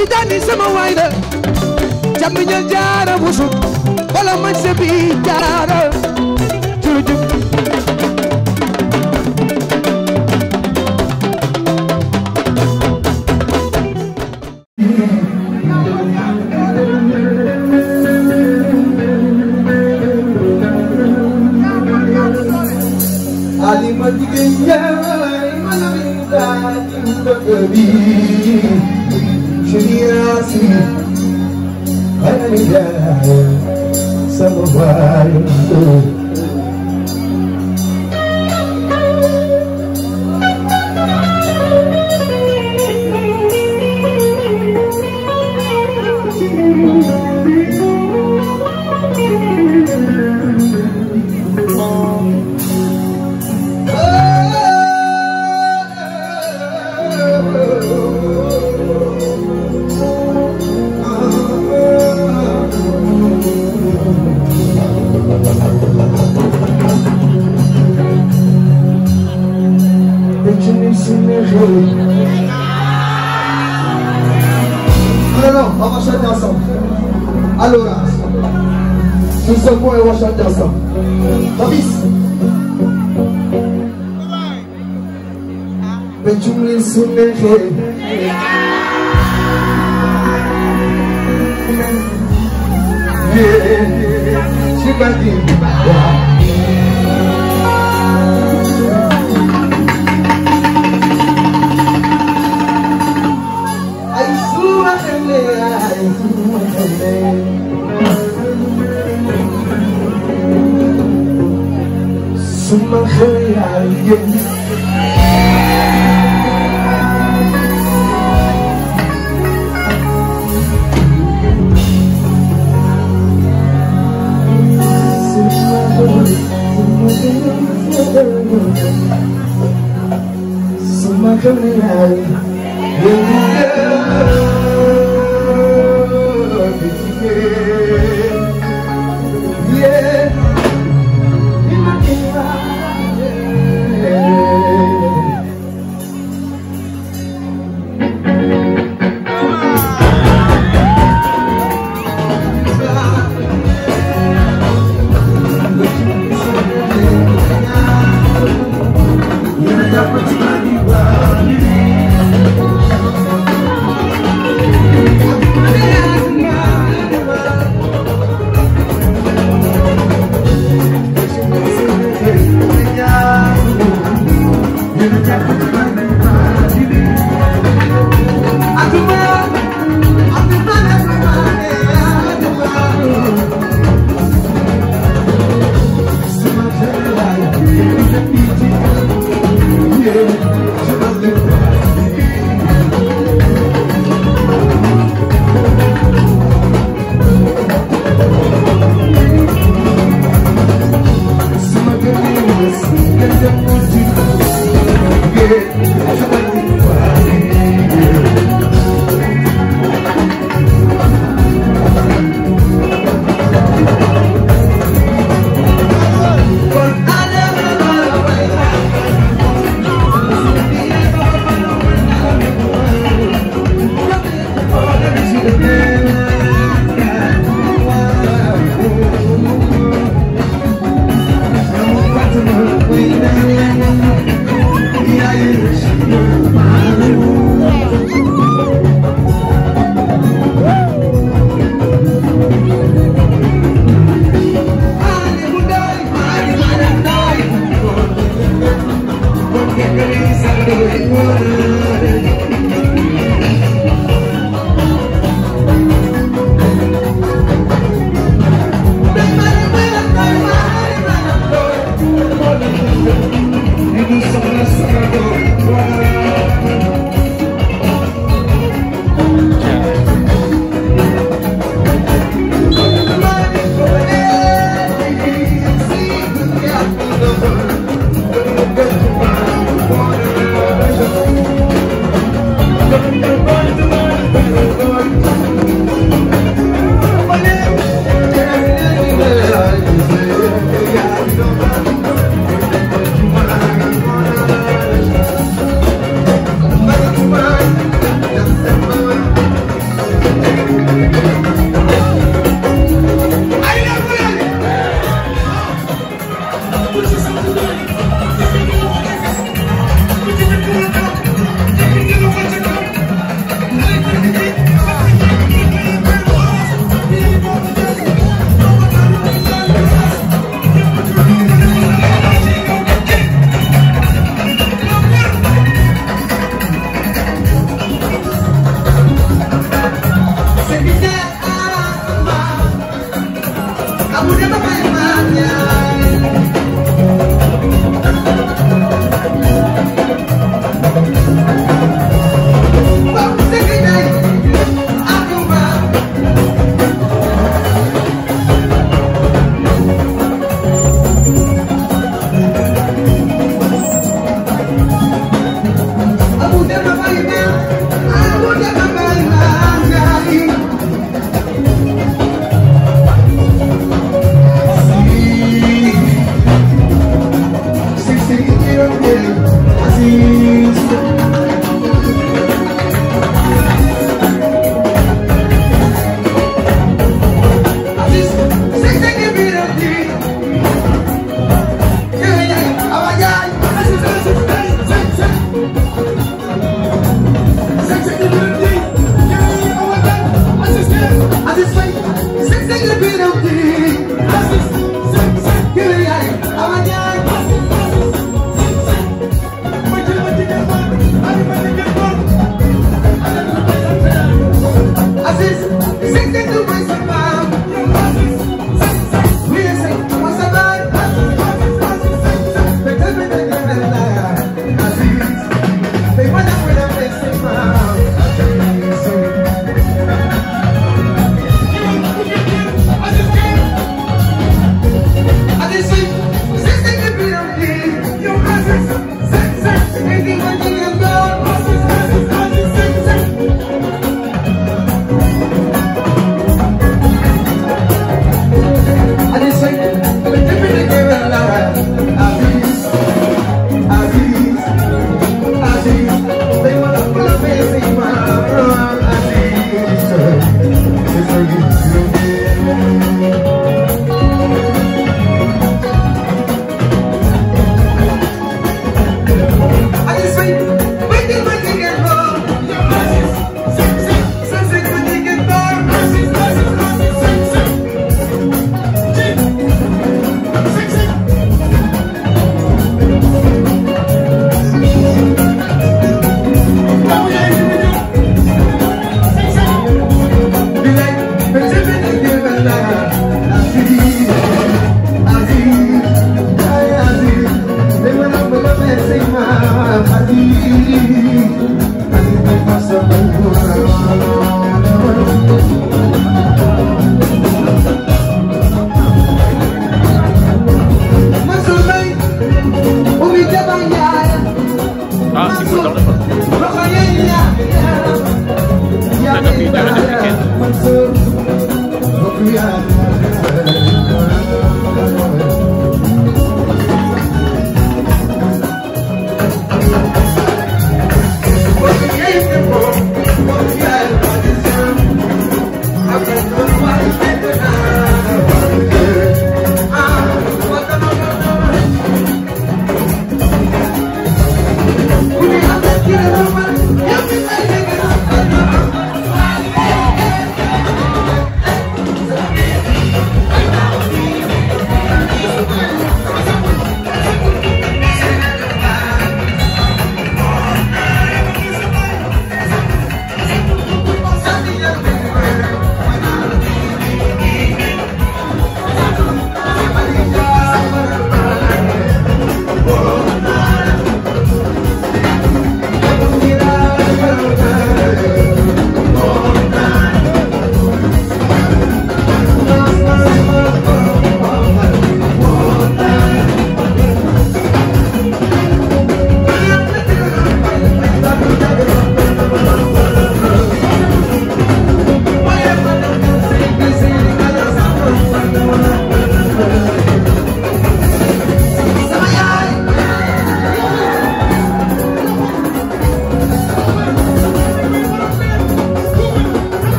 Tijaani sama waay la jàmm ñal jaara busuk wala man se bi jaara sebagai wali Semua kaya yang شغل هذه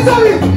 Elizabeth.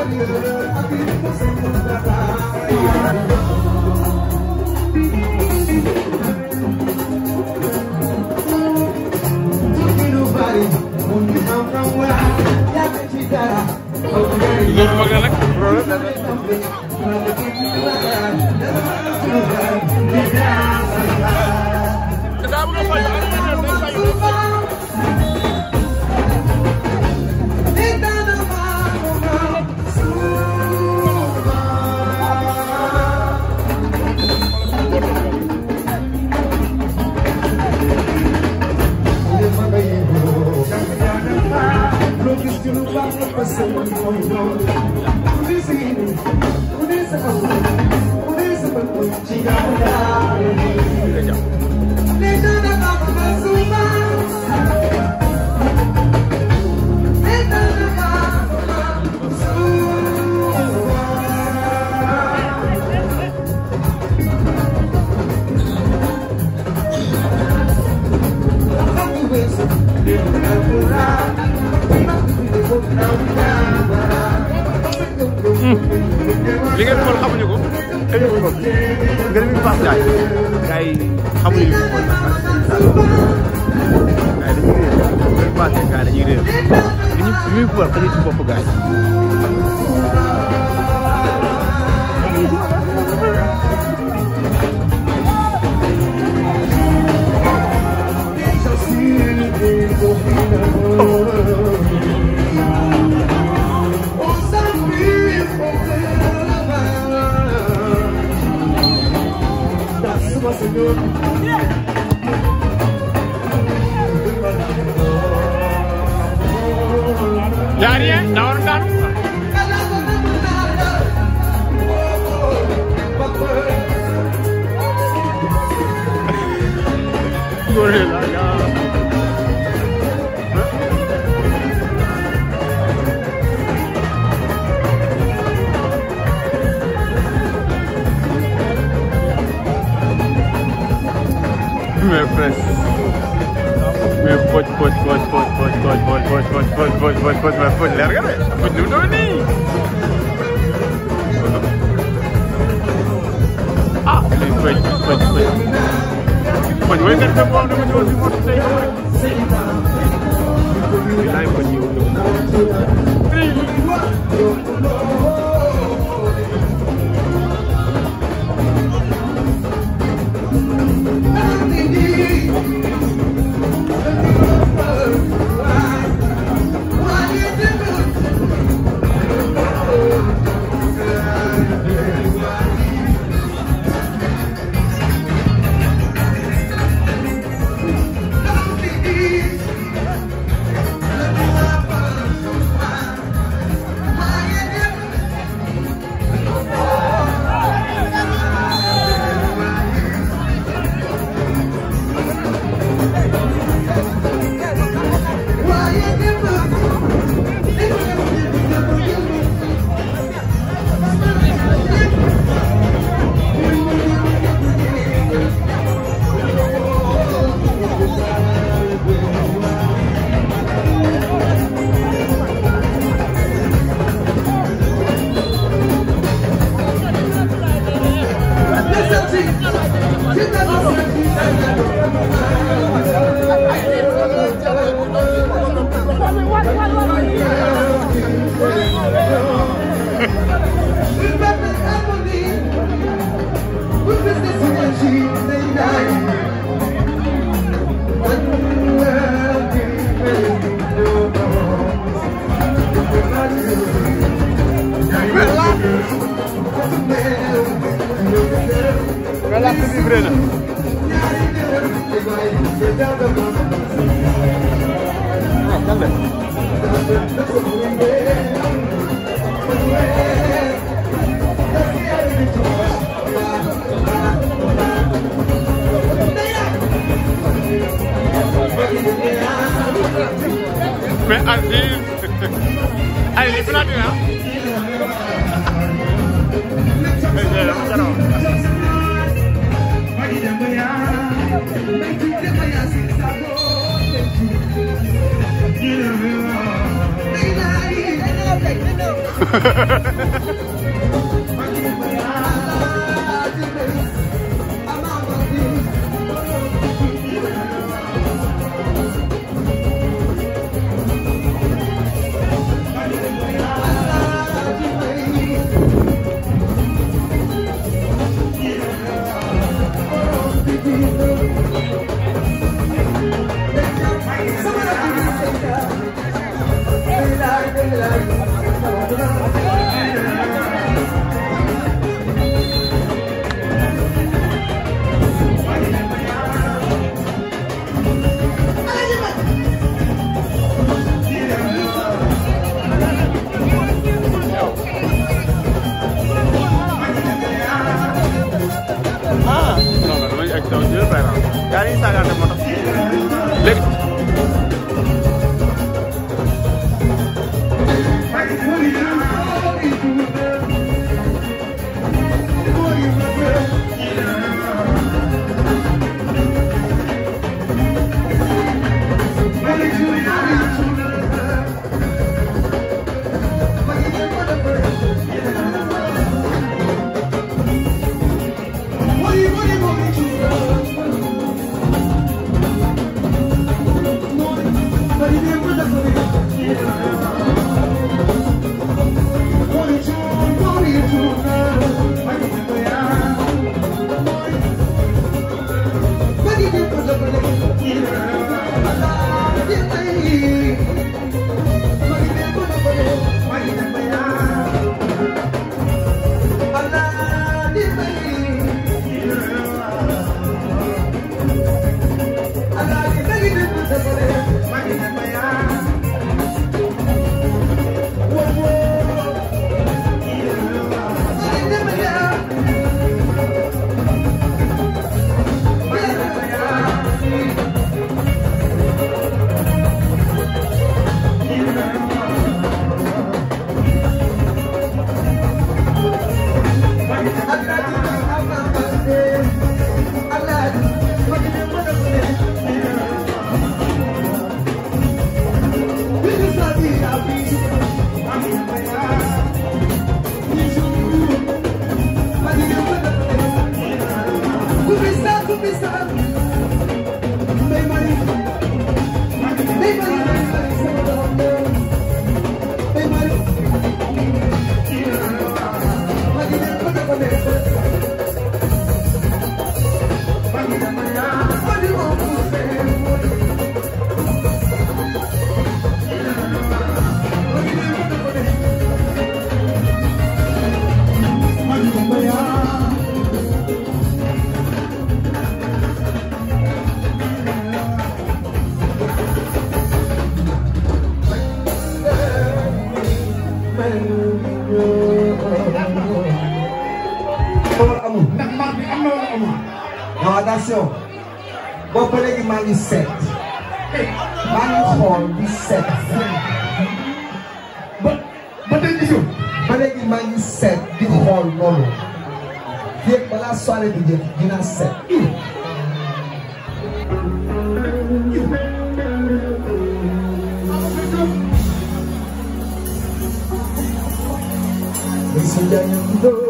Kita belum banyak. Let's go. fooj fooj fooj mais fooj leer nga de fooj nu doon nii ah lii fooj fooj fooj fooj way nga dem waaw dama ñëw si moto tey bilaay fooj yow Thank you. Wait, wait, wait. sifflé na mais Aziz ay li platina da manhã, bem que de manhã sem sabor, bem que di seet maa ngi xool di seet ba ba léegi ñëw ba léegi maa ngi seet di xool loolu yéeg balaa soirée bi jëkk dinaa seet Isso já mudou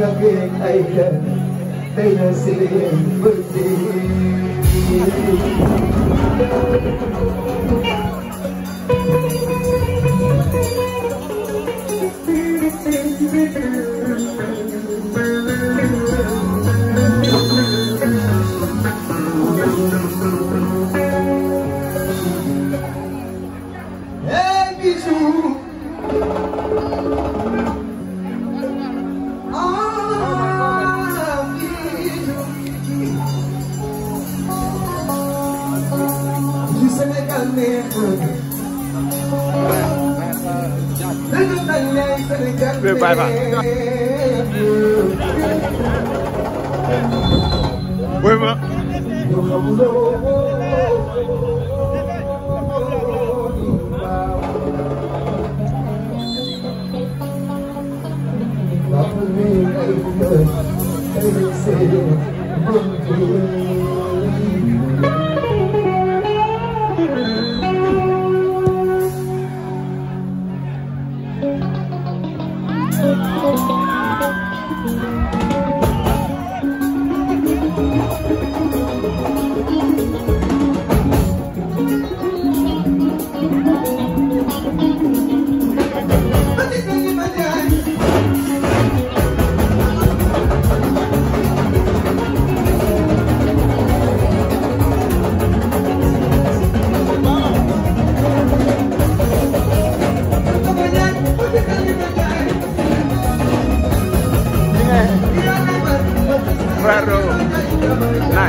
تبين أيام بين سنين والدين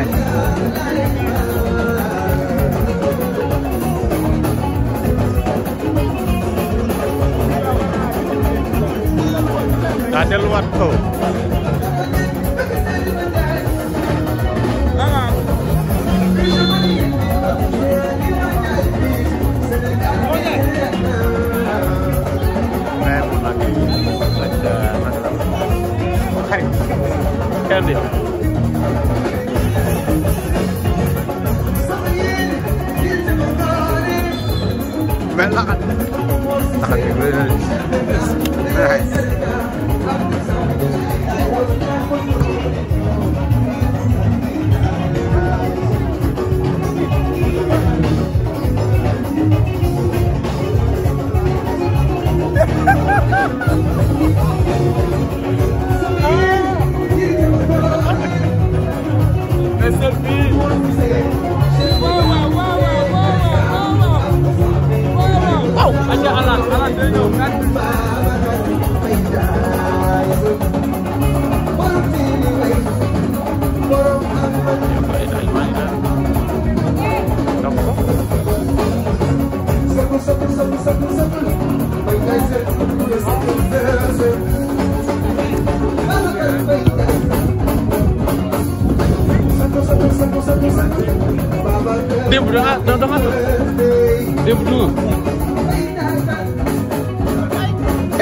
time. daa delluwaat kaw. Candy. Nice. nga alaan alaan day ñëw démb da nga da nga démb du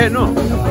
Eh, no.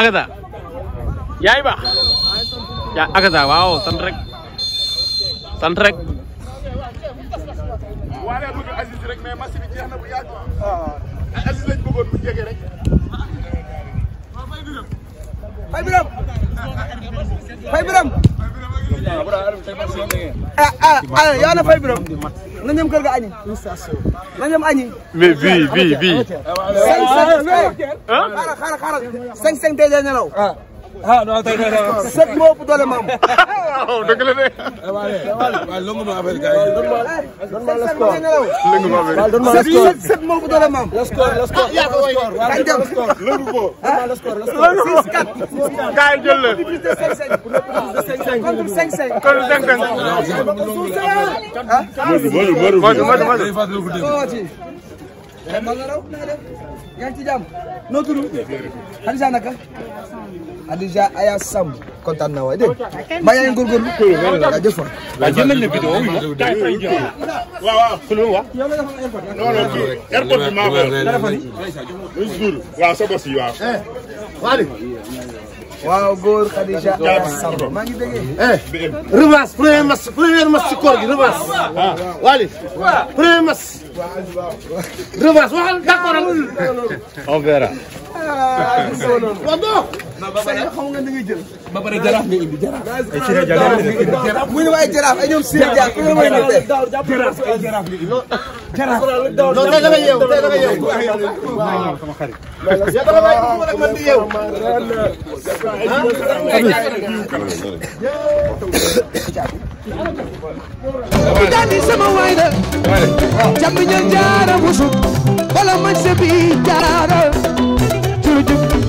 Agaza yaay baax yaa Agaza waaw sant rek sant rek waale bëgg Aziz rek mais match bi jeex na bu yàgg Aziz lañ bëggoon bu jege rek Fay Biram Fay Biram ah ah yow na Fay Biram na ñëm kër ga añi na ñëm añi mais bii bii bii ah. cinq cinq ah. xaaral xaaral cinq cinq tey nelaw ah. ah non tey tey tey. sëg moo ëpp doole maam. waaw dëgg la de. waaye longu ma affaire gars yi. doon maa la score longu ma affaire yi. doon maa la score sëg moo ëpp doole maam. la score la score la score waaw la score. longu ko doon maa la score la score. longu ko kaay jël la. contre 5-5. contre 5-5. ah. yaa ngi ci jàmm noo tudd. Xadisa naka. Adja Aya Samb kontaan naa waay dégg nga mbaa yaa ngi góorgóorlu. jaajëf waay. waaw jël nañ la vidéo yi waaw waaw ku lu wax. non non kii airport bi maa ko yor. waaw eh, Aya Samb maa ngi déggee. Eh, revanche premier premier match si koor gi revanche. Ah. Wally premier match. revanche waxal d'accord on verra. waaw non. xam nga ni ngay jël. ba pare jaraaf nga indi jaraaf. jaraaf mu ne waaye jaraaf ay ñoom Sire Dia ku ne mooy na tey. jaraaf ay jaraaf nga indi. jaraaf non tey dama yeewu tey dama yeewu. waaw sama xarit. yow dama bàyyi ko rek man di yeewu. ah. jaajëf sama waay la. jël jaara musu wala man sa bi jaara jurujub